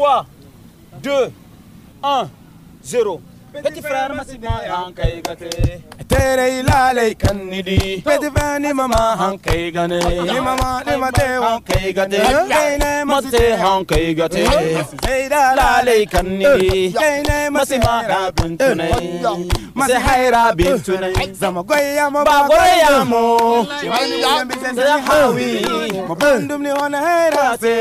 3, 2, 1, 0. Mase haira bintuna Zama goya mo ba goya mo Shibani yambise se ya hawi Mbandum ni wana haira se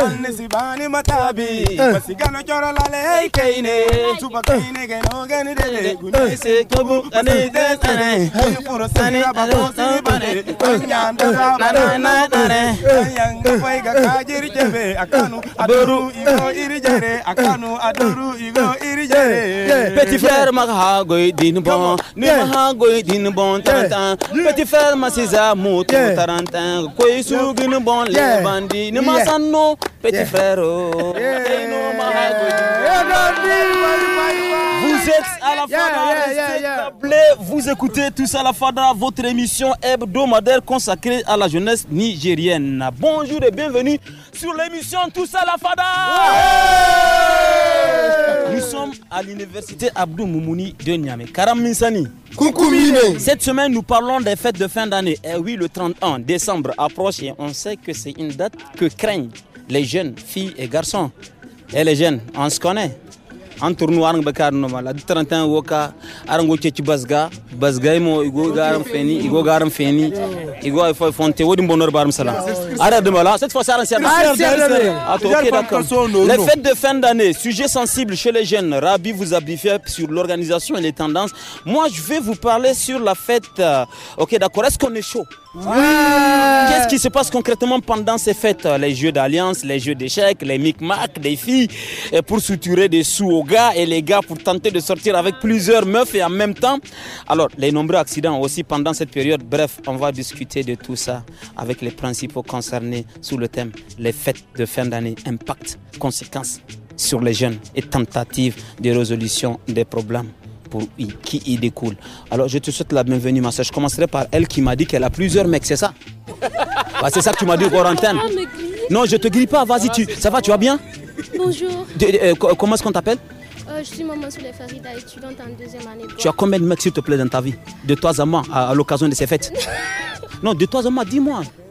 Anne sibani matabi Masigano chora lale hei keine Tuba keine geno geni dele Gune se kobu ane desane Furo sani abako sibane Nyanda raba na na tare Yanga kwaiga kajiri jebe Akanu aduru igo irijere Akanu aduru igo irijere Petit frère maghago din bon, ni maha din bon tantan, petit ferme ses amours tout tarantin, isu sougin bon les bandits, ni ma sanno, petit frère, oh. vous êtes à la fadra, yeah, vous écoutez tous à la fada votre émission hebdomadaire consacrée à la jeunesse nigérienne. Bonjour et bienvenue sur l'émission Tout la Fada. Nous sommes à l'université Abdou Moumouni de Niamey. Karam Minsani. Cette semaine, nous parlons des fêtes de fin d'année. Et eh oui, le 31 décembre approche et on sait que c'est une date que craignent les jeunes filles et garçons. Et eh, les jeunes, on se connaît an tournoi aran ba kar normal ad 31 woka aran go ceci basga basga mo igo garam feni igo garam feni igo ay foy fonte wodi bonheur baram salam ara de mala cette fois ah, Ok, d'accord. les fêtes de fin d'année sujet sensible chez les jeunes Rabi vous a briefé sur l'organisation et les tendances moi je vais vous parler sur la fête euh, ok d'accord est-ce qu'on est chaud Qu'est-ce qui se passe concrètement pendant ces fêtes euh, Les jeux d'alliance, les jeux d'échecs, les micmacs des filles euh, pour suturer des sous aux gars et les gars pour tenter de sortir avec plusieurs meufs et en même temps. Alors, les nombreux accidents aussi pendant cette période. Bref, on va discuter de tout ça avec les principaux concernés sous le thème les fêtes de fin d'année, impact, conséquences sur les jeunes et tentatives de résolution des problèmes qui y découle. Alors je te souhaite la bienvenue, ma soeur. Je commencerai par elle qui m'a dit qu'elle a plusieurs mecs, c'est ça bah, C'est ça que tu m'as dit au quarantaine. Ah, non, je te grille pas, vas-y, tu... ça va, tu vas bien Bonjour. Euh, comment est-ce qu'on t'appelle euh, je suis maman les Farida, étudiante en deuxième année. Tu as combien de mecs, s'il te plaît, dans ta vie De toi à moi, à, à l'occasion de ces fêtes Non, de toi à moi, dis-moi.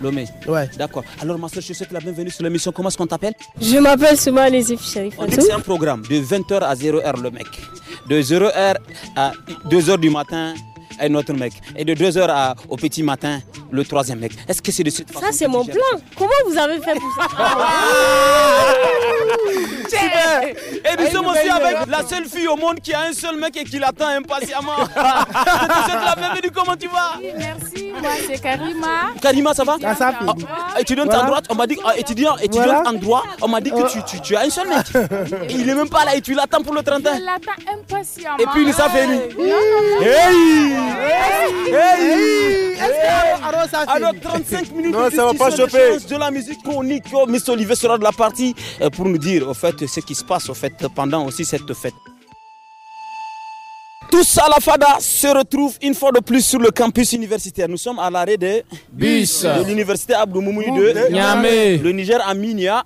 Lomé. Ouais. D'accord. Alors, ma soeur, je souhaite la bienvenue sur l'émission. Comment est-ce qu'on t'appelle Je m'appelle Souma Lézif Sharif. C'est un programme de 20h à 0h, le mec. De 0h à 2h du matin, un autre mec. Et de 2h au petit matin, le troisième mec. Est-ce que c'est de cette façon Ça, c'est mon plan. Comment vous avez fait pour ça Super Et nous sommes aussi avec la seule fille au monde qui a un seul mec et qui l'attend impatiemment. Je te souhaite la bienvenue. Comment tu vas Merci. Moi, c'est Karima. Karima, ça va ah, ça, ça Et en droit, on m'a dit, ah, étudiant, en droit, on m'a dit que euh, tu, tu, tu, as un seul mec. il est même pas là et tu l'attends pour le 31. Il l'attends impatiemment. Et puis, il s'est fait lui. Hey Hey Hey Alors, 35 minutes non, ça va pas choper. de la musique chronique, oh, Miss Olivier sera de la partie euh, pour nous dire, fait, ce qui se passe, fait, pendant aussi cette fête. Tous à la FADA se retrouvent une fois de plus sur le campus universitaire. Nous sommes à l'arrêt des de l'université Abdou Moumouni de Niamey. Le Niger à Minia.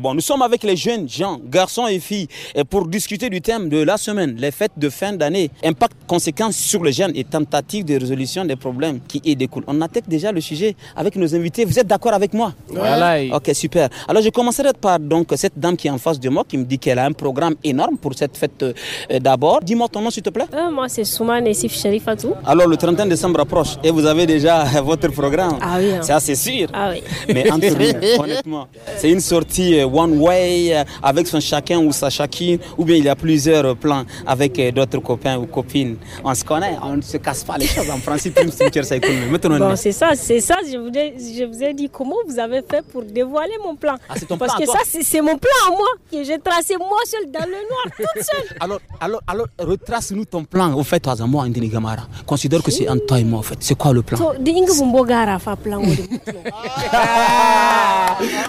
Bon, nous sommes avec les jeunes gens, garçons et filles, pour discuter du thème de la semaine, les fêtes de fin d'année, impact, conséquences sur les jeunes et tentatives de résolution des problèmes qui y découlent. On attaque déjà le sujet avec nos invités. Vous êtes d'accord avec moi voilà Ok, super. Alors je commencerai par donc cette dame qui est en face de moi qui me dit qu'elle a un programme énorme pour cette fête euh, d'abord. Dis-moi ton nom s'il te plaît. Euh, moi, c'est Souman Essif tout. Alors, le 31 décembre approche et vous avez déjà votre programme. Ah oui. Ça, hein. sûr. Ah mais entre nous, honnêtement, c'est une sortie euh, one way euh, avec son chacun ou sa chacune, ou bien il y a plusieurs plans avec d'autres copains ou copines. On se connaît, on ne se casse pas les choses. En principe, une structure, ça Bon, c'est ça, c'est ça. Je vous, ai, je vous ai dit comment vous avez fait pour dévoiler mon plan. Ah, Parce que ça, c'est mon plan moi, que j'ai tracé moi seul dans le noir, toute seule. Alors, alors, alors retrace-nous ton plan, au fait, toi, moi, Indini Gamara, considère que c'est un toi et moi, en fait. C'est quoi le plan plan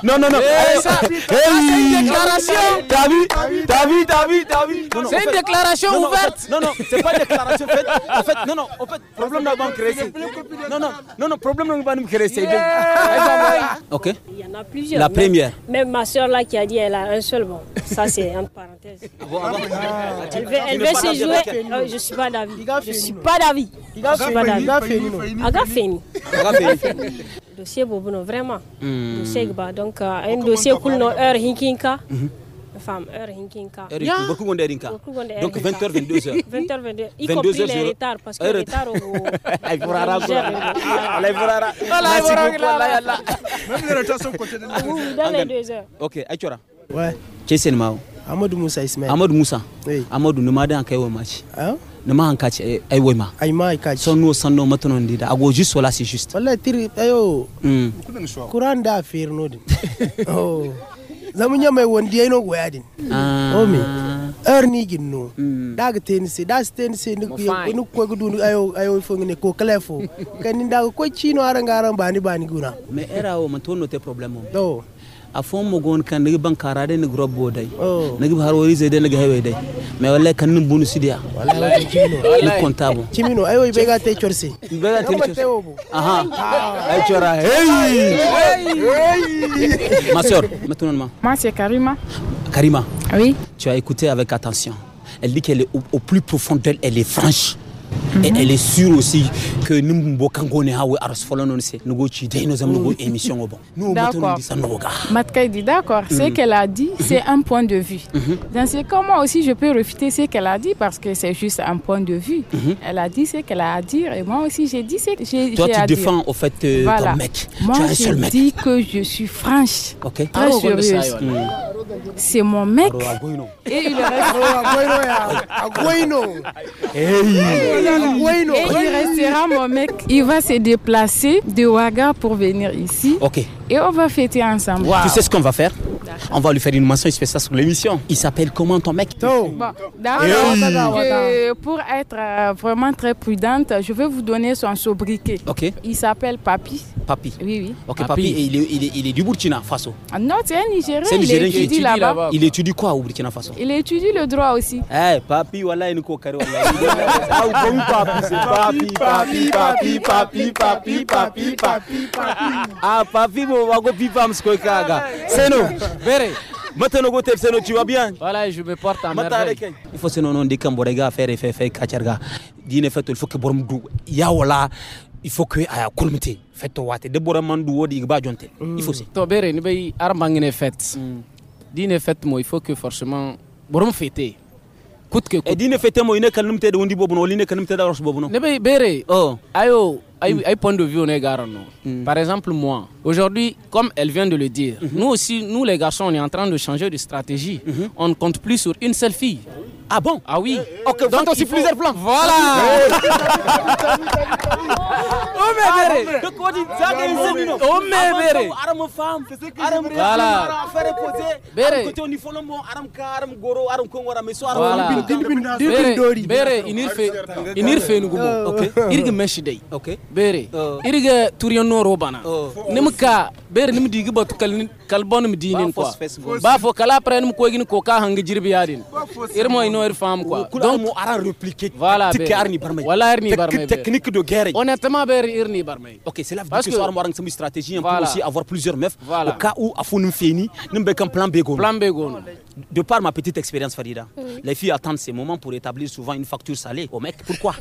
Non, non, non. Eh, eh, eh, c'est une déclaration. T'as vu T'as vu C'est une déclaration ouverte. Non, non, c'est pas une déclaration faite. En fait, non, non, en fait, problème la banque créé. Non, non, non, non, problème n'a pas créer. Ok. Il y en a plusieurs. La première. Même ma soeur là qui a dit, elle a un seul bon. Ça, c'est entre parenthèses. Ah ah elle veut se jouer. Ah je suis pas d'avis. Je suis pas d'avis. A ka feni. Dossier bobo vraiment. Hmm. Dossier ba donc euh, un dossier cool no heure hinkinka. Mhm. Femme heure hinkinka. Beaucoup gonde hinka. Donc 20h 22h. 20h 22h. Y compris les retards parce que les retards oh, au Ay forara ko. Ay allez Ay forara. Même les retards sont comptés dans les 2h. OK, Aïchora. Ouais. Qu'est-ce que c'est amadu musa ismail amadu musa hey. amadu nima da kai wai maci huh? nima an kaci eh, ai wai ma ai ma kaci sanno sanno matanon dida ago just wala si just wallahi tiri ayo mm. kuran da fer no din oh zamun yamai wanda yayi no goya din ah. o oh, me er ni ginno mm. daga tense da tense ni ku ni ko gudu ayo ayo fo ne ko kalefo kan ni daga ko chino aran garan bani bani guna me era o man tonno te problem o oh. afon mogon kan nigi bankara ni grob robbo day oh. nigi harworize de nigi hewe day mais wallahi kan nin bunu sidia wallahi ni kontabo chimino ayo be ga te chorsi be ga te chorsi aha ay ah. chora hey ma sœur maintenant ma ma c'est Karima Karima oui tu as écouté avec attention elle dit qu'elle est au, au plus profond d'elle elle est franche et mhm. elle est sûre aussi que nous bokan gone hawe nous gochi nous avons mhm. nous émission bon nous avons dit matka dit d'accord ce mhm. qu'elle a dit c'est un point de vue dans ce cas moi aussi je peux refuter ce qu'elle a dit parce que c'est juste un point de vue elle a dit ce qu'elle a à dire et moi aussi j'ai dit ce que j'ai toi tu défends au fait euh, ton mec moi tu as un seul mec dit que je suis franche très ah, sérieuse mm. c'est mon mec et il reste hey. Et il restera mon mec. Il va se déplacer de Ouaga pour venir ici. Ok. Et on va fêter ensemble. Tu sais ce qu'on va faire on va lui faire une mention Il fait ça sur l'émission. Il s'appelle comment ton mec bon, Pour être vraiment très prudente, je vais vous donner son sobriquet. Ok. Il s'appelle Papi. Papi. Oui, oui. Ok, Papi, il, est, il, est, il, est, du Burkina Faso. non, c'est un Nigérien. C'est un Nigérien qui étudie là-bas. il étudie quoi au Burkina Faso Il étudie le droit aussi. Eh, hey, Papi, voilà, il nous cocarde. Papi, c'est Papi, Papi, Papi, Papi, Papi, Papi, Papi, Papi. Ah, Papi, mon wago, pipam, skoikaga. C'est nous. Fere. Maintenant, tu vas bien Voilà, je me porte en merveille. Il faut se nommer Kamborega, faire et faire, faire, Kacharga. Dine fait, il faut que Bormdou, Yaola, il faut que aya euh, kulmite fetto wate debora mandu wodi ba jonte il faut mm. to bere ni bay armangene fête mm. dine fête mo il faut que forcément borom fêter kutke e pas de ine kalnumtede wondi bobuno wala ine kalnumtede aros bobuno nebe bere oh ayo ay, mm. ay point de vue on garano mm. par exemple moi aujourd'hui comme elle vient de le dire mm-hmm. nous aussi nous les garçons on est en train de changer de stratégie mm-hmm. on ne compte plus sur une seule fille ah bon Ah oui. Okay, Donc aussi plusieurs plans. Voilà. Oh mais Donc on dit ça que ils Oh mais béré. Aram femme, voilà. Faire poser. Béré. Côté on a l'homme fait, Arme goro kongo ah, oh. OK. Oh. OK. Oh. no robana. Nimka digi quoi femme femme quoi donc on répliquer voilà ben. ben. technique de guerre honnêtement ber irni barmay ok c'est là que soir mo une stratégie on hein, peut aussi avoir plusieurs meufs au cas où afou nous fini nous plan bégon plan B de par ma petite expérience Farida les filles attendent ces moments pour établir souvent une facture salée au mec pourquoi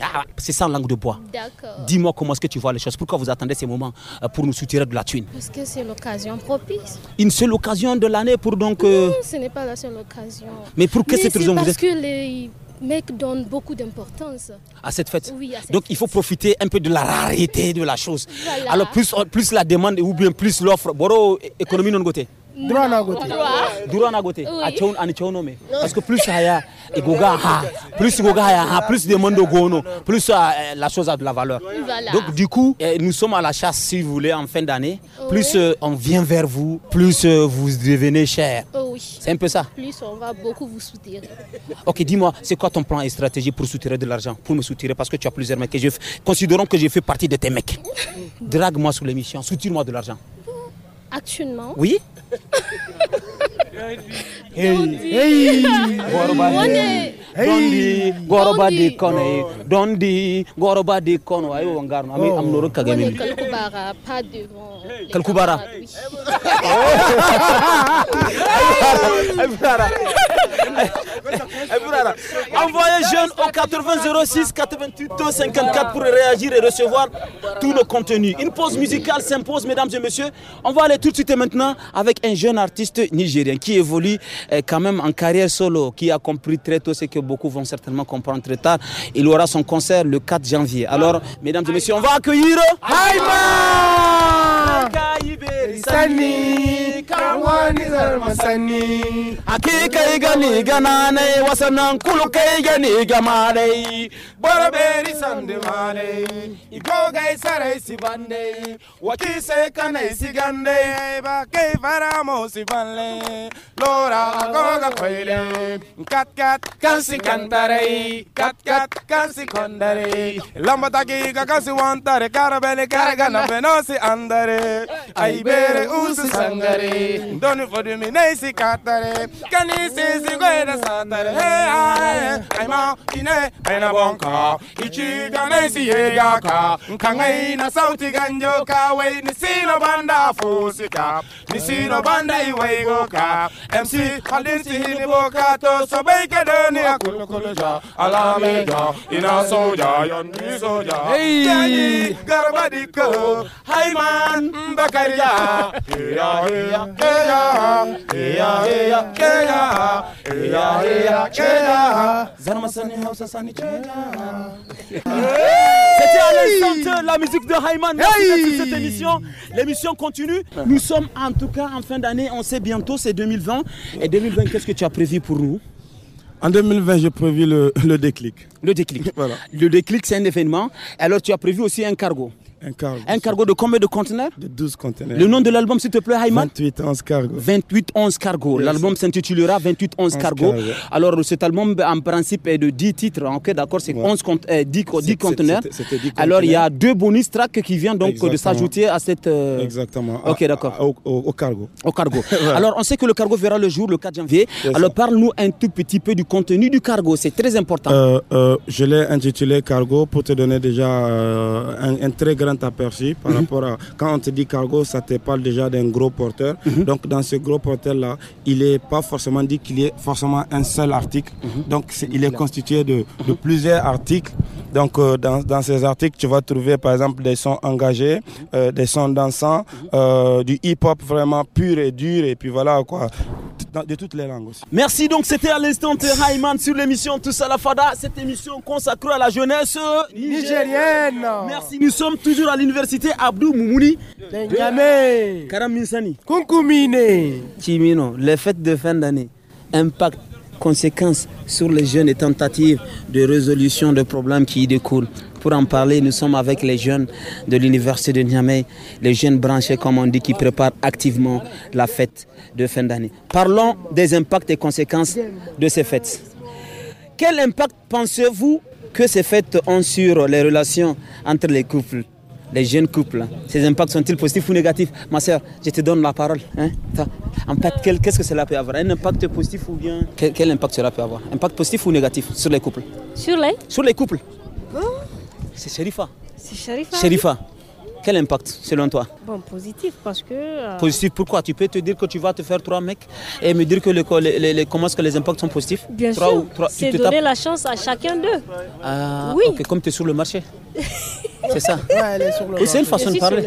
ah, c'est sans langue de bois. D'accord. Dis-moi comment est-ce que tu vois les choses. Pourquoi vous attendez ces moments euh, pour nous soutirer de la thune Parce que c'est l'occasion propice. Une seule occasion de l'année pour donc. Euh, non, ce n'est pas la seule occasion. Mais pour que cette raison vous êtes... que les mecs donnent beaucoup d'importance. À cette fête Oui, à cette Donc il faut profiter un peu de la rareté de la chose. Alors plus, euh, plus la demande ou bien plus l'offre. Boro, économie non côté. Droit na gote. Droit gote. Parce que plus il y a, plus il y plus de monde gono, plus euh, la chose a de la valeur. Donc du coup, euh, nous sommes à la chasse si vous voulez en fin d'année. Plus euh, on vient vers vous, plus vous devenez cher. Oh c'est un peu ça. Plus on va beaucoup vous soutenir. Ok, dis-moi, c'est quoi ton plan et stratégie pour soutirer de l'argent, pour me soutirer parce que tu as plusieurs mecs considérons que je fais partie de tes mecs. Drague-moi sur l'émission, soutire-moi de l'argent. Actuellement Oui Envoyez jeune au 80 06 88 54 pour réagir et recevoir tout le contenu. Une pause musicale s'impose, mesdames et messieurs. On va aller tout de suite et maintenant avec un jeune artiste nigérien qui évolue euh, quand même en carrière solo, qui a compris très tôt ce que beaucoup vont certainement comprendre très tard. Il aura son concert le 4 janvier. Alors, mesdames et messieurs, on va accueillir Haïma bora beri sande male igo gai sare si bande waki se kana isi gande ba ke varamo si banle lora goga kwele, kat kat kansi kantare kat kat kansi kondare lamba taki ga kansi wantare karabele karaga na benosi andare ai bere usu sangare doni fodu minai si katare kanisi si hey ay ay, ay ma kine ay na bonka ka ikigana isiye gaka nkangai na sauti ganjo kawe nisino banda fusika nisino banda iwaigoka MC hadinsi hini boka to sobai kadani akulukuluja alameja ina soja yondi soja hey. garbadiko haiman mbakariya heya heya heya heya heya heya heya heya heya zanama sani hausa sani cheja C'était à la musique de Hayman. Merci cette émission. L'émission continue. Nous sommes en tout cas en fin d'année. On sait bientôt, c'est 2020. Et 2020, qu'est-ce que tu as prévu pour nous en 2020, j'ai prévu le, déclic. Le déclic. Le déclic, c'est un événement. Alors, tu as prévu aussi un cargo. Un cargo. de combien de conteneurs De 12 conteneurs. Le nom de l'album, s'il te plaît, Hayman 28 11 cargo. 28 cargo. L'album s'intitulera 28 11, cargo. Alors, cet album, en principe, est de 10 titres. Hein, ok, d'accord, c'est ouais. euh, 10, conteneurs. Alors, il y a deux bonus tracks qui viennent donc euh, de s'ajouter à cette. Euh, Exactement. Ok, d'accord. Au, cargo. Au cargo. Alors, on sait que le cargo verra le jour le 4 janvier. Alors, parle-nous un tout petit peu du contenu du cargo. C'est très important. Euh, je l'ai intitulé Cargo pour te donner déjà un très grand t'aperçu par mhm. rapport à quand on te dit cargo, ça te parle déjà d'un gros porteur. Mhm. Donc dans ce gros porteur là, il n'est pas forcément dit qu'il y ait forcément un seul article. Mhm. Donc il est constitué de, plusieurs articles. Donc euh, dans, dans, ces articles, tu vas trouver par exemple des sons engagés, euh, des sons dansants, euh, du hip-hop vraiment pur et dur et puis voilà quoi. De, toutes les langues aussi. Merci donc c'était à l'instant sur l'émission tout à la Fada, cette émission consacrée à la jeunesse nigérienne. Merci, nous sommes toujours à l'université Abdou Moumouni. Chimino, les fêtes de fin d'année. Impact, conséquences sur les jeunes et tentatives de résolution de problèmes qui y découlent. Pour en parler, nous sommes avec les jeunes de l'université de Niamey, les jeunes branchés, comme on dit, qui préparent activement la fête de fin d'année. Parlons des impacts et conséquences de ces fêtes. Quel impact pensez-vous que ces fêtes ont sur les relations entre les couples les jeunes couples. Hein. Ces impacts sont-ils positifs ou négatifs Ma sœur, je te donne la parole. Hein. fait, qu'est-ce que cela peut avoir Un impact positif ou bien quel, impact cela peut avoir Impact positif ou négatif sur les couples Sur les Sur les couples. C'est Sherifa. C'est Sherifa. Sherifa. Quel impact selon toi Bon, positif parce que. Euh, positif pourquoi Tu peux te dire que tu vas te faire trois mecs et me dire que comment est-ce que les impacts sont positifs Bien sûr. C'est donner la chance à chacun d'eux. Ah, oui. comme tu es sur le marché. C'est ça ouais, elle sur le c'est une façon de parler.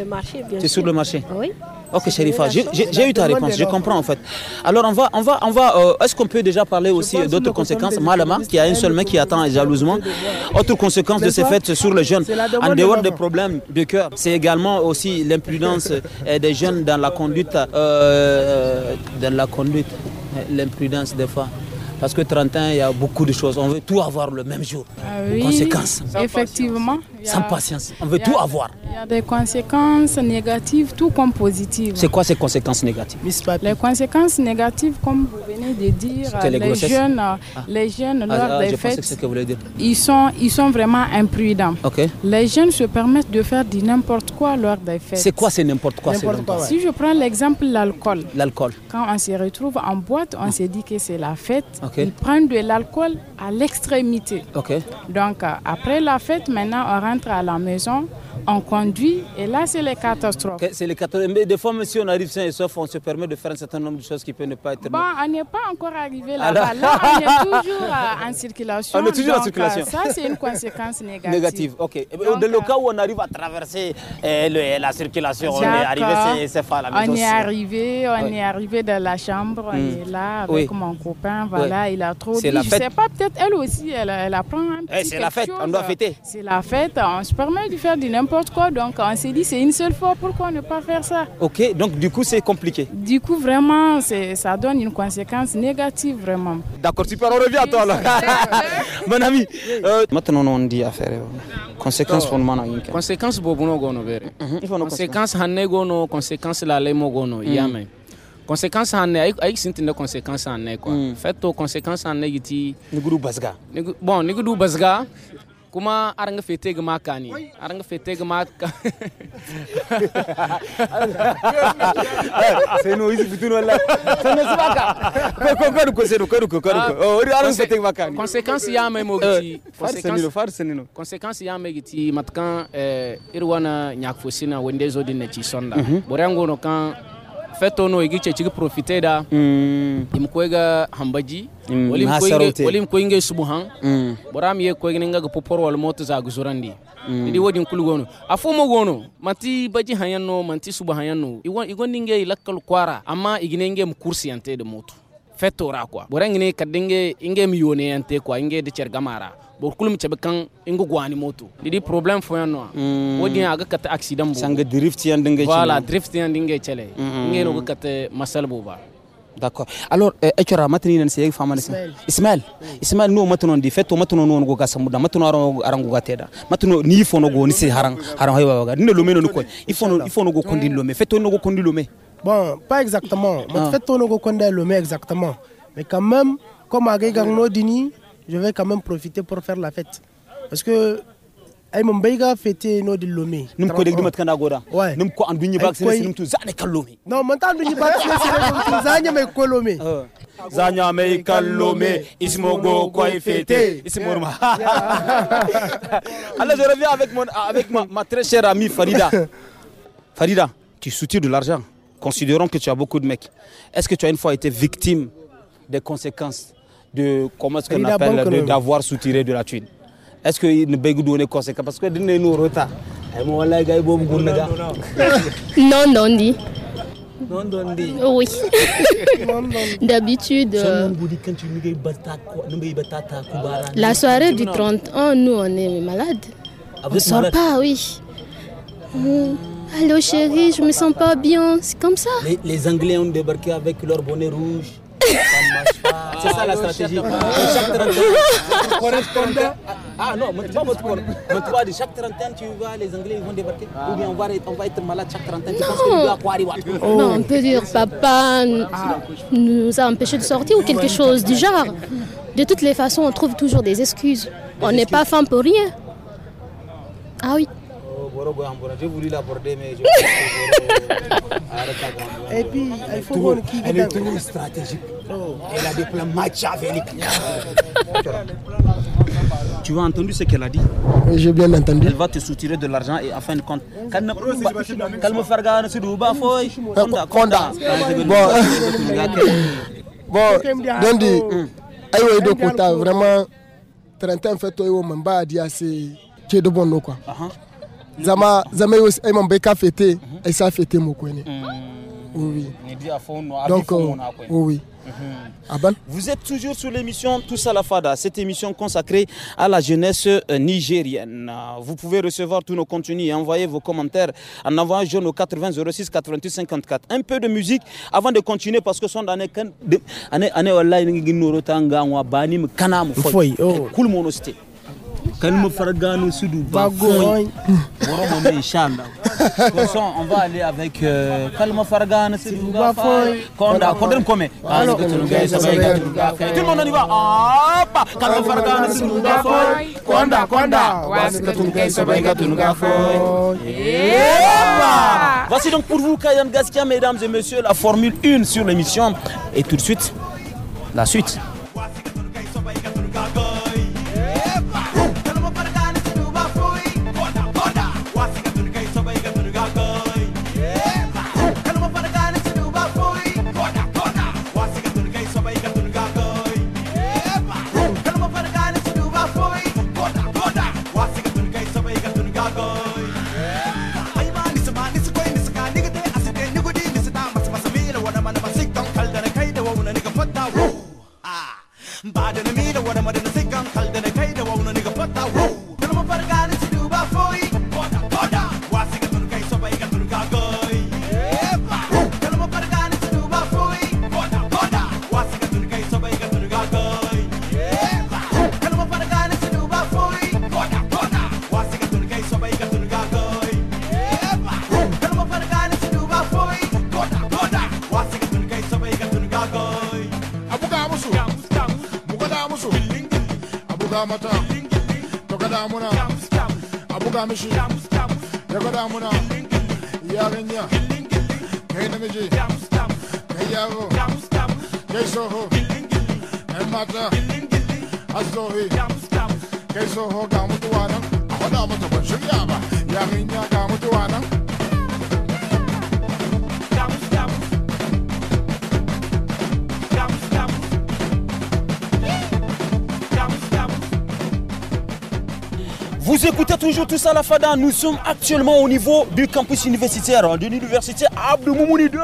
C'est sur le marché. Ah oui. Ok, Sherifa, j'ai eu ta réponse, je comprends en fait. Alors, on va, on va, on va. Euh, est-ce qu'on peut déjà parler aussi d'autres conséquences Malama, qui a une seule main qui attend jalousement. Autre conséquence de ces fêtes sur les jeunes, en dehors des problèmes de cœur, c'est également aussi l'imprudence euh, des jeunes dans la conduite, euh, dans la conduite, l'imprudence des fois. Parce que ans, il y a beaucoup de choses. On veut tout avoir le même jour. Les ah conséquences. Effectivement. Sans patience. On veut tout avoir. Il y a des conséquences négatives, tout comme positives. C'est quoi ces conséquences négatives Les conséquences négatives, comme de dire les, les, jeunes, ah. les jeunes, lors ah, ah, des fêtes, Ils, sont, ils sont vraiment imprudents. Les jeunes se permettent de faire du n'importe quoi lors des fêtes. C'est quoi c'est n'importe quoi, Si je prends l'exemple l'alcool. L'alcool. Quand on se retrouve en boîte, on se dit que c'est la fête. Ils prennent de l'alcool à l'extrémité. Donc euh, après la fête, maintenant on rentre à la maison on conduit et là, c'est les catastrophes. c'est les catastrophes. Mais des fois, même si on arrive sain et sauf, on se permet de faire un certain nombre de choses qui peuvent ne pas être. Bon, on n'est pas encore arrivé ah, là-bas. Là, on est toujours euh, en circulation. On est toujours en euh, circulation. ça, c'est une conséquence négative. Négative, ok. Donc, Dans le euh, cas où on arrive à traverser la circulation, on est arrivé c'est à la On est arrivé, on est arrivé dans la chambre, on hmm. est là avec mon copain, voilà, il a trop dit. La fête. Je sais pas, peut-être elle aussi, elle, elle apprend un eh, petit eh, C'est la fête, on doit fêter. C'est la fête, on se permet de faire du n'importe quoi. Donc on s'est dit, c'est une seule fois, pourquoi ne pas faire ça Ok, donc du coup, c'est compliqué. Du coup, vraiment, ça donne une conséquence négative, vraiment. D'accord, super, on revient à toi alors. mon ami. Euh, Maintenant, on dit affaire. Conséquence pour moi, Conséquence, pour va vere. Conséquence, en négo conséquence, la lemo gono, yame. conséquence en est c'est une conséquence en est quoi mhm. fait aux conséquences en est yiti basga bon nigudu basga kuma aran ga fete ga maka ne aran ga fete ga maka sai no isi fitun wala sai no subaka ko ko ko ko sai ko ko ko o ri fete ga maka consequence ya mo eh, consequence far consequence ya matkan eh, irwana nyak fosina wende zo din na ci sonda mhm. borango no kan feto no igice cigi profite da mm. imkwega hambaji wali mm, mkwinge wali mkwinge subuhan mm. boram ye kwega nga go popor wal moto za guzurandi mm. ndi wodi nkulu gono afu mo gono manti baji hayano manti subuhan yanno igon ninge ilakkal kwara amma iginenge mkursi ante de moto fetora kwa borangini kadinge inge mi yone yante kwa inge de cergamara bor kulum cebe kan ingo gwani moto didi problem fo yanno mm. wodi aga kata accident bo sanga drift yan dinge chele voilà drift yan dinge chele mm inge no kata masal bo ba d'accord alors euh, echora eh, matini nan sey fama nisa ismail ismail no matuno ndi feto matuno no go gasa muda matuno arango arango gateda matuno ni ifo go ni se harang harang haywa ga ni lomeno no ko ifo no go kondin lome feto no go kondin lome Bon, pas exactement. Je fais ton le met exactement. Mais quand même, comme à Dini, je vais quand même profiter pour faire la fête. Parce que ay mum bay ga fete no di lomi num ko deg dumat kana goda num ko andu nyi bak sene num tu zane kallome no man ta andu nyi bak sene sene num tu zanya mai kolome zanya mai kallome ismo go koy fete ismo ma alors je reviens avec mon avec ma, ma très chère amie Farida Farida tu soutiens de l'argent Considérons que tu as beaucoup de mecs. Est-ce que tu as une fois été victime des conséquences de comment est-ce qu'on appelle d'avoir soutiré de la thune Est-ce que ne bégoudou les conséquences parce que nous retard. Non, non, dit. Non, non, dit. Oui. D'habitude. Euh, la soirée du 31, nous, on est malade. Ah, on pas, oui. Hmm. Allô chérie, je me sens pas bien, c'est comme ça. Les, Anglais ont débarqué avec leur bonnet rouge. C'est ça la stratégie. Chaque trentaine, Ah non, toi, de chaque trentaine, tu vois, les Anglais vont débarquer. Ah. Ou bien on va, être malade chaque trentaine. Oh. Non, on peut dire papa ah. nous a empêchés de sortir ou quelque chose du genre. De toutes les façons, on trouve toujours des excuses. on n'est pas femme pour rien. Ah oui je voulu l'aborder, mais je Et puis, il faut voir qui Elle est trop stratégique. Elle a des plans machiavéliques. tu as entendu ce qu'elle a dit J'ai bien entendu. Elle va te soutirer de l'argent et en fin de compte. Calme Farga, Sidouba, Foy, Konda. Konda. Bon, bon Dandy, Ayo Edo Kota, vraiment, 31 fait, Oyo Mamba a dit assez. Tu es de bon quoi. Ah, ah oui Vous êtes toujours sur l'émission Tous à la Fada, cette émission consacrée à la jeunesse euh, nigérienne. Vous pouvez recevoir tous nos contenus et envoyer vos commentaires en envoyant au 80 06 88 54. Un peu de musique avant de continuer parce que son année année online ngi Kalima Faragano, Sudouba. On va aller avec euh, Konda, Tout le monde, on y va. Konda, Konda. Voici donc pour vous, Kayan Gaskia, mesdames et messieurs, la Formule 1 sur l'émission. Et tout de suite, la suite. mata daga damuna a buga mishi daga damuna yarinya kai namiji kai yaro kai soho kai mata azohi kai soho ga yarinya Kamutuana. Vous écoutez toujours tout ça, la FADA. Nous sommes actuellement au niveau du campus universitaire hein, de l'université Abdou Moumouni de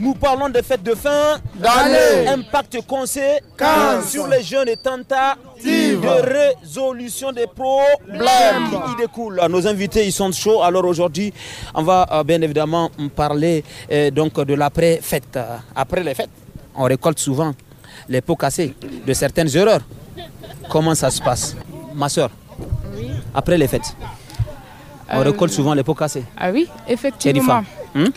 Nous parlons des fêtes de fin d'année. Impact sait sur les jeunes et tentatives de résolution des problèmes qui découlent. Nos invités, ils sont chauds. Alors aujourd'hui, on va euh, bien évidemment parler euh, donc de l'après-fête. Après les fêtes, on récolte souvent les pots cassés de certaines erreurs. Comment ça se passe ma soeur, après les fêtes, on euh, récolte souvent les pots cassés. Ah oui, effectivement. Et des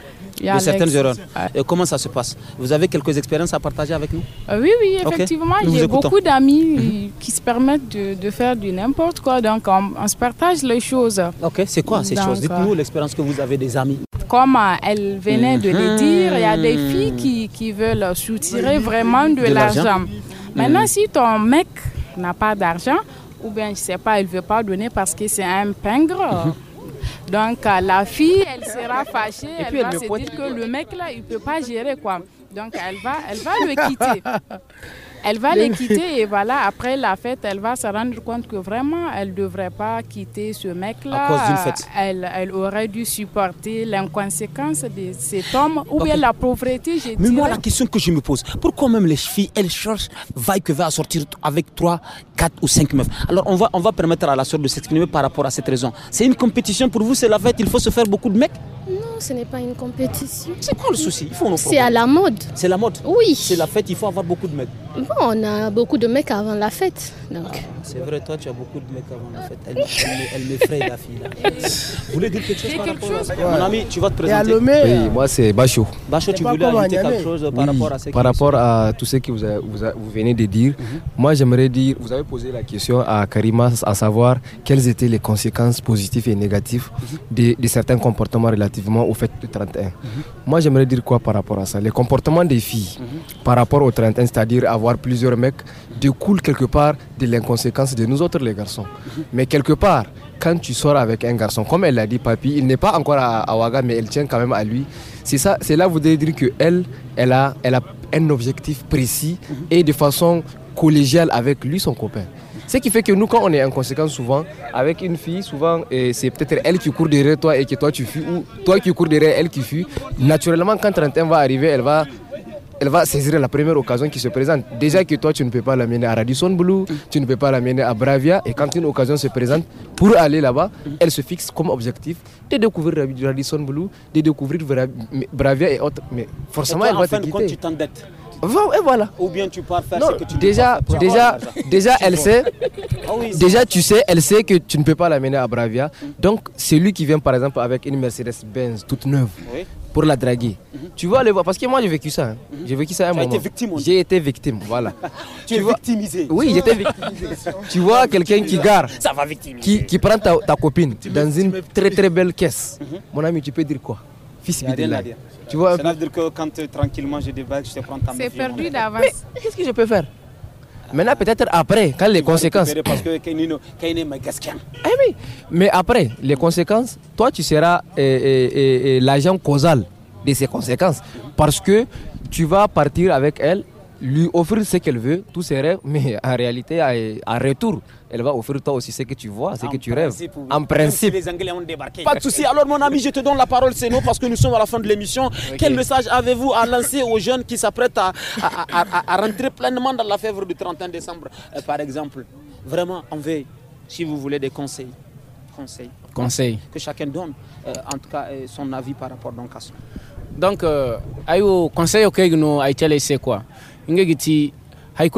hmm? de certaines erreurs. Et comment ça se passe Vous avez quelques expériences à partager avec nous euh, Oui, oui, effectivement. J'ai beaucoup d'amis mhm. qui se permettent de, faire du n'importe quoi. Donc, on, se partage les choses. Ok, c'est quoi ces choses euh, Dites-nous l'expérience que vous avez des amis. Comme elle venait de le mhm. dire, il y a des filles qui, qui veulent soutirer vraiment de, l'argent. Maintenant, mhm. si ton mec n'a pas d'argent, ou bien je sais pas, elle ne veut pas donner parce que c'est un pingre. Donc euh, la fille, elle sera fâchée, Et elle, va se dire que le mec là, il ne peut pas gérer quoi. Donc elle va, elle va le quitter. Elle va les quitter et voilà, après la fête, elle va se rendre compte que vraiment, elle ne devrait pas quitter ce mec-là. Elle, aurait dû supporter l'inconséquence de cet homme ou bien la pauvreté, j'ai Mais moi, la question que je me pose, pourquoi même les filles, elles cherchent, va que va sortir avec 3, 4 ou 5 meufs Alors, on va, on va permettre à la soeur de s'exprimer par rapport à cette raison. C'est une compétition pour vous, c'est la fête, il faut se faire beaucoup de mecs non, ce n'est pas une compétition. C'est quoi le souci C'est à la mode. C'est la mode. Oui. C'est la fête, il faut avoir beaucoup de mecs. Bon, on a beaucoup de mecs avant la fête. Donc. Ah, c'est vrai, toi, tu as beaucoup de mecs avant la fête. Elle, elle, elle m'effraie, la fille. Là. Vous voulez dire quelque chose par rapport à ça Mon ami, tu vas te présenter. Oui, euh, moi, c'est Bacho. Bacho, tu voulais dire quelque chose par rapport à ce Par rapport à tout ce que vous, vous, venez de dire, mhm. moi, j'aimerais dire, vous avez posé la question à Karima, à savoir quelles étaient les conséquences positives et négatives mhm. de, certains comportements relativement au fait du 31. Mhm. Moi, j'aimerais dire quoi par rapport à ça Les comportements des filles par rapport au 31, c'est-à-dire à dire voir plusieurs mecs découle quelque part de l'inconséquence de nous autres les garçons. Mais quelque part, quand tu sors avec un garçon, comme elle l'a dit, papy, il n'est pas encore à, à, mais elle tient quand même à lui. C'est ça, c'est là vous devez dire que elle, elle a, elle a un objectif précis et de façon collégiale avec lui, son copain. Ce qui fait que nous, quand on est inconséquent souvent, avec une fille, souvent, c'est peut-être elle qui court derrière toi et que toi tu fuis, ou toi qui cours derrière elle qui fuit. Naturellement, quand 31 va arriver, elle va elle va saisir la première occasion qui se présente. Déjà que toi, tu ne peux pas l'amener à Radisson Blue, tu ne peux pas l'amener à Bravia. Et quand une occasion se présente pour aller là-bas, elle se fixe comme objectif de découvrir Radisson Blue, de découvrir Bravia et autres. Mais forcément, elle va te tu t'endettes voilà. Ou bien tu pars faire ce que tu déjà, déjà, déjà, elle sait. Ah déjà, tu sais, elle sait que tu ne peux pas l'amener à Bravia. Donc, c'est lui qui vient, par exemple, avec une Mercedes-Benz toute neuve, oui pour la draguer. Mhm. Tu vois, parce que moi j'ai vécu ça. Hein. Mhm. J'ai vécu ça à un moment. J'ai été victime. été victime, voilà. tu, es victimisé. Oui, j'étais victimisé. tu vois quelqu'un qui gare, ça va victimiser. Qui, prend ta, copine dans une très très belle caisse. Mhm. Mon ami, tu peux dire quoi Fils de Tu vois. Ça veut dire que quand euh, tranquillement j'ai des vagues, je te prends ta C'est perdu d'avance. Qu'est-ce que je peux faire Maintenant, peut-être après, quand les conséquences. Eh mais après, les conséquences, toi, tu seras eh, eh, l'agent causal de ces conséquences. Parce que tu vas partir avec elle lui offrir ce qu'elle veut, tous ses rêves, mais en réalité, en retour, elle va offrir toi aussi ce que tu vois, ce que tu rêves. En principe. les Anglais ont débarqué. Pas de souci. Alors, mon ami, je te donne la parole, c'est nous, parce que nous sommes à la fin de l'émission. Quel message avez-vous à lancer aux jeunes qui s'apprêtent à, rentrer pleinement dans la fèvre du 31 décembre, euh, par exemple Vraiment, en veille, si vous voulez des conseils. Conseils. Conseils. Que chacun donne, euh, en tout cas, euh, son avis par rapport donc à ça. Donc, euh, conseil auquel nous a été c'est quoi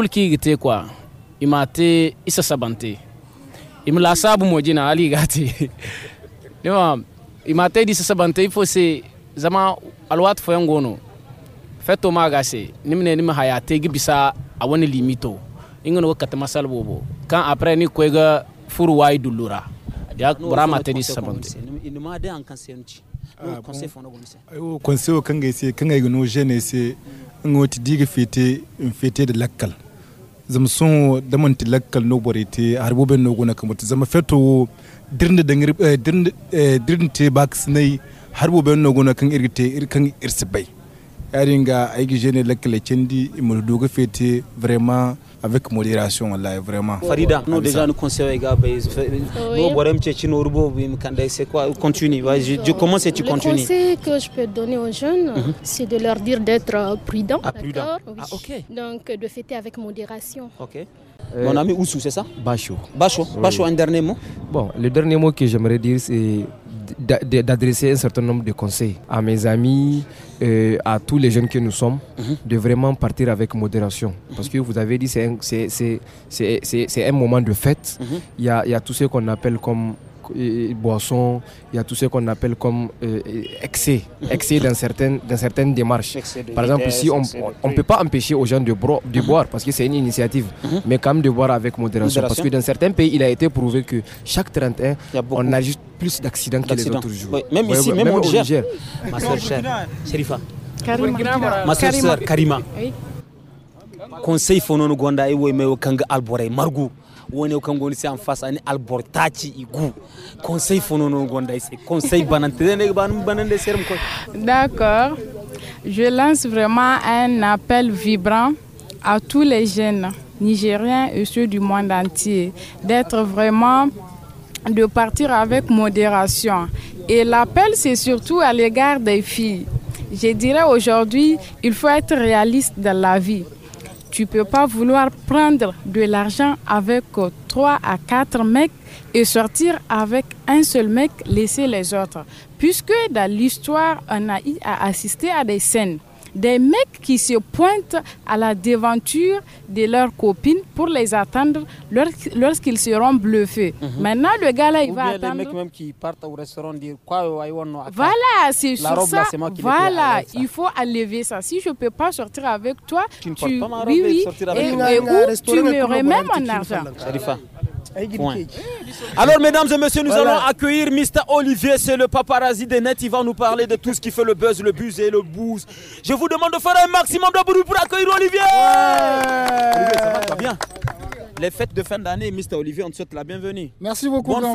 ki gite kwa imate isa sabante imla sabu mojina gati nema imate di isa sabante ifo se zama alwat fo yangono feto magase nimne nima hayate gi bisa awani limito ingono ko masal bobo kan apre ni kwega furu wai dulura ya burama te di sabante inuma de an kansenci conseil fono ah, gonse ayo conseil kanga ise kanga igno jeune ise ngoti diga fete fete de lakkal zam sun da manti lakkal no borete bo ben no gona kamata zama feto dirnde de ngir dirnde dirnte box har bo ben no gona kan irgite irkan irsibai yaringa aiki jene lakkal cendi mu doga fete vraiment avec modération là vraiment Farida nous déjà nous conseillons les gars bah, c'est quoi continue je, commence tu continues le conseil que je peux donner aux jeunes mhm. c'est de leur dire d'être euh, prudent ah, prudent. Ah, oui. donc de fêter avec modération euh, mon ami Oussou, c'est ça Bacho. Bacho, Bacho, un dernier mot Bon, le dernier mot que j'aimerais dire, c'est d'adresser un certain nombre de conseils à mes amis, euh, à tous les jeunes que nous sommes, mhm. de vraiment partir avec modération. Mhm. Parce que vous avez dit, c'est un, moment de fête. Mhm. Il y a tout ce qu'on appelle comme et boissons, il y a tout ce qu'on appelle comme euh, excès, excès dans certaines, dans certaines démarches. Par exemple, si on ne peut pas empêcher aux gens de, de mhm. boire, parce que c'est une initiative, mhm. mais quand même de boire avec modération, parce que dans certains pays, il a été prouvé que chaque 31, on a juste plus d'accidents que les autres jours. Même ici, même, au Niger. Ma soeur, Sherifa. Karima. Ma soeur, Karima. Conseil Fonono Gwanda, Ewe Mewe Kanga Alboré, Margou en face d'accord je lance vraiment un appel vibrant à tous les jeunes nigériens et ceux du monde entier d'être vraiment de partir avec modération. Et l'appel, c'est surtout à l'égard des filles. Je dirais aujourd'hui, il faut être réaliste dans la vie tu peux pas vouloir prendre de l'argent avec euh, trois à quatre mecs et sortir avec un seul mec, laisser les autres. Puisque dans l'histoire, on a assisté à des scènes des mecs qui se pointent à la devanture de leurs copines pour les attendre lorsqu'ils seront bluffés. Mhm. Maintenant, le gars là, il va attendre. mecs qui partent au restaurant disent « quoi, euh, Voilà, c'est sur ça. voilà, ah il faut enlever ça. Si je peux pas sortir avec toi, tu, oui, et, tu me remets mon argent. Alors, mesdames et messieurs, nous allons accueillir Mr. Olivier, c'est le paparazzi des nets. Il va nous parler de tout ce qui fait le buzz, le buzz et le bouse Je vous demande de faire un maximum de bruit pour accueillir Olivier. Olivier, ça va, bien les fêtes de fin d'année, Mr. Olivier, on te souhaite la bienvenue. Merci beaucoup, bonne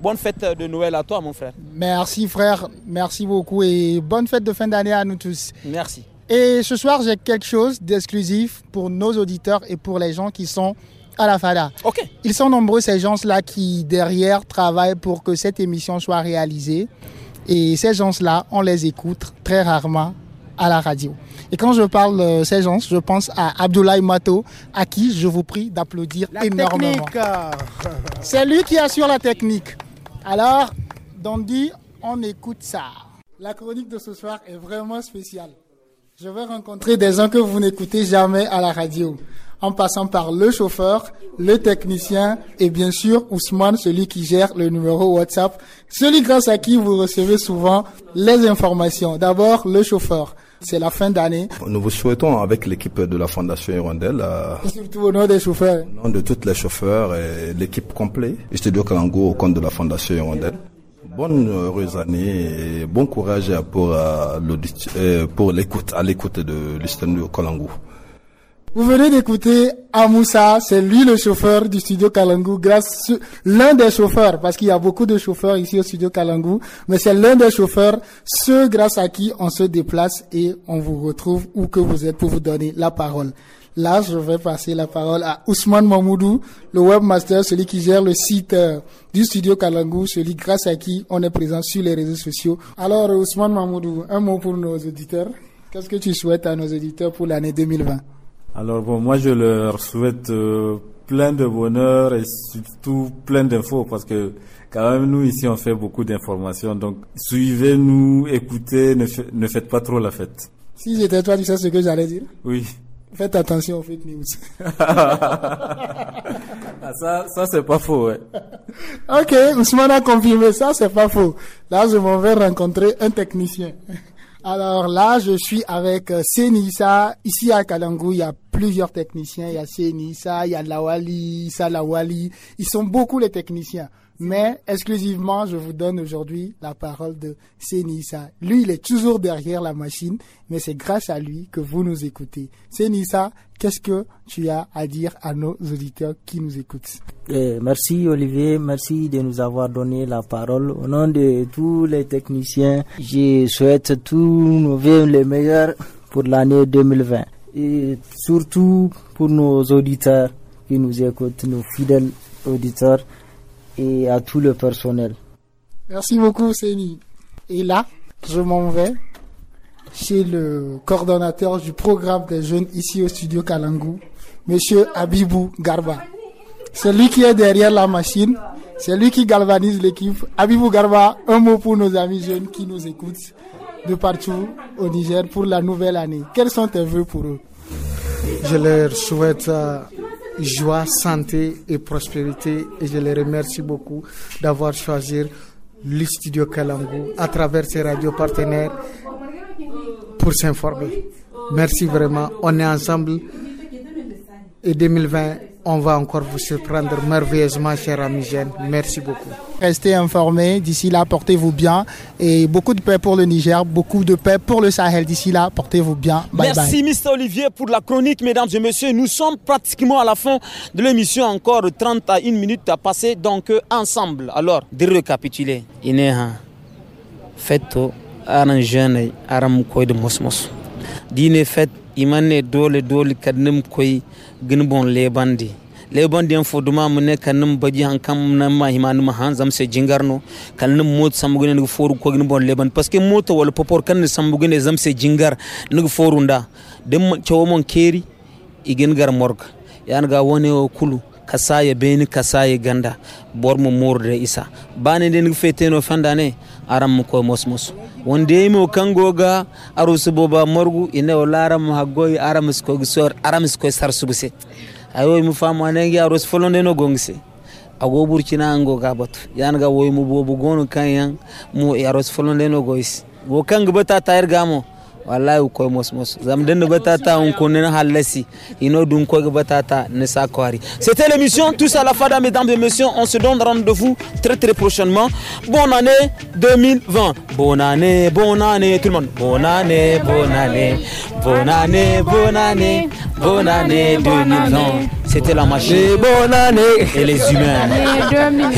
bonne fête de Noël à toi, mon frère. Merci, frère. Merci beaucoup et bonne fête de fin d'année à nous tous. Merci. Et ce soir, j'ai quelque chose d'exclusif pour nos auditeurs et pour les gens qui sont à la FADA. Okay. Ils sont nombreux, ces gens-là, qui derrière travaillent pour que cette émission soit réalisée. Et ces gens-là, on les écoute très rarement à la radio. Et quand je parle de ces gens, je pense à Abdoulaye Mato, à qui je vous prie d'applaudir la énormément. C'est lui qui assure la technique. Alors, Dandy, on écoute ça. La chronique de ce soir est vraiment spéciale. Je vais rencontrer des gens que vous n'écoutez jamais à la radio en passant par le chauffeur, le technicien et bien sûr Ousmane, celui qui gère le numéro WhatsApp, celui grâce à qui vous recevez souvent les informations. D'abord, le chauffeur. C'est la fin d'année. Nous vous souhaitons, avec l'équipe de la Fondation Hirondelle, euh, et surtout au nom des chauffeurs, au nom de toutes les chauffeurs et l'équipe complète, Studio Kalango au compte de la Fondation Hirondelle, bonne euh, heureuse année et bon courage pour, euh, pour l'écoute, à l'écoute de l'Istadio Kalango. Vous venez d'écouter Amoussa, c'est lui le chauffeur du studio Kalangu, grâce l'un des chauffeurs, parce qu'il y a beaucoup de chauffeurs ici au studio Kalangu, mais c'est l'un des chauffeurs, ceux grâce à qui on se déplace et on vous retrouve où que vous êtes pour vous donner la parole. Là, je vais passer la parole à Ousmane Mamoudou, le webmaster, celui qui gère le site euh, du studio Kalangu, celui grâce à qui on est présent sur les réseaux sociaux. Alors, Ousmane Mamoudou, un mot pour nos auditeurs. Qu'est-ce que tu souhaites à nos auditeurs pour l'année 2020? Alors bon, moi je leur souhaite euh, plein de bonheur et surtout plein d'infos parce que quand même nous ici on fait beaucoup d'informations. Donc suivez-nous, écoutez, ne, faites pas trop la fête. Si j'étais toi, tu sais ce que j'allais dire Oui. Faites attention aux fake news. Ah, ça, ça c'est pas faux, ouais. ok, Ousmane a confirmé ça, c'est pas faux. Là, je m'en vais rencontrer un technicien. Alors là, je suis avec euh, Senissa. Ici à Kalangu, il y a plusieurs techniciens. Il y a Senissa, il y a Lawali, Salawali. Ils sont beaucoup les techniciens. Mais exclusivement, je vous donne aujourd'hui la parole de Senissa. Lui, il est toujours derrière la machine, mais c'est grâce à lui que vous nous écoutez. Senissa, qu'est-ce que tu as à dire à nos auditeurs qui nous écoutent eh, Merci Olivier, merci de nous avoir donné la parole. Au nom de tous les techniciens, je souhaite tous nos vœux les meilleurs pour l'année 2020. Et surtout pour nos auditeurs qui nous écoutent, nos fidèles auditeurs et à tout le personnel. Merci beaucoup, Séni. Et là, je m'en vais chez le coordonnateur du programme des jeunes ici au studio Kalangu, Monsieur Abibou Garba. C'est lui qui est derrière la machine, c'est lui qui galvanise l'équipe. Abibou Garba, un mot pour nos amis jeunes qui nous écoutent de partout au Niger pour la nouvelle année. Quels sont tes vœux pour eux Je leur souhaite euh, joie, santé et prospérité. Et je les remercie beaucoup d'avoir choisi le studio Kalangu à travers ses radios partenaires pour s'informer. Merci vraiment. On est ensemble. Et 2020 on va encore vous surprendre merveilleusement, cher ami Jeanne. Merci beaucoup. Restez informés. D'ici là, portez-vous bien. Et beaucoup de paix pour le Niger, beaucoup de paix pour le Sahel. D'ici là, portez-vous bien. Merci, Mr. Olivier, pour la chronique, mesdames et messieurs. Nous sommes pratiquement à la fin de l'émission. Encore 30 à 1 minute à passer. Donc, euh, ensemble. Alors, de récapituler. Inéha, hein. un de mosmos dine imane dole dole kadnem koy gin bon lebandi lebandi en foduma mune kanim baji han kam na ma himan ma han zam se jingarno kanim mot samugine ngi foru ko gin bon leban parce que mot wala popor kan samugine zam se jingar ngi forunda dem cewomon keri igen gar morga yan ga woni o kulu kasaya beni kasaya ganda bormo morde isa bane nden feteno fandane aram ko mosmos wondeyimo kangoga arusu boba morgu ine o laramo haggoy aramis ko gisor aramis ko sar subse ayoy mu famu anengi arus folonde no gongse ago burkina ango gabato yanga woy mu bobu gono kanyan mu e arus folonde no gois wo kanga bata tayir gamo wallahi mosmos zam batata on halasi ino dun ko batata ne c'était l'émission tous à la fada mesdames et messieurs on se donne rendez-vous très très prochainement bonne année 2020 bonne année bonne année tout le monde bonne année bonne année bonne année bonne année bonne année 2020 c'était la machine bonne année et les humains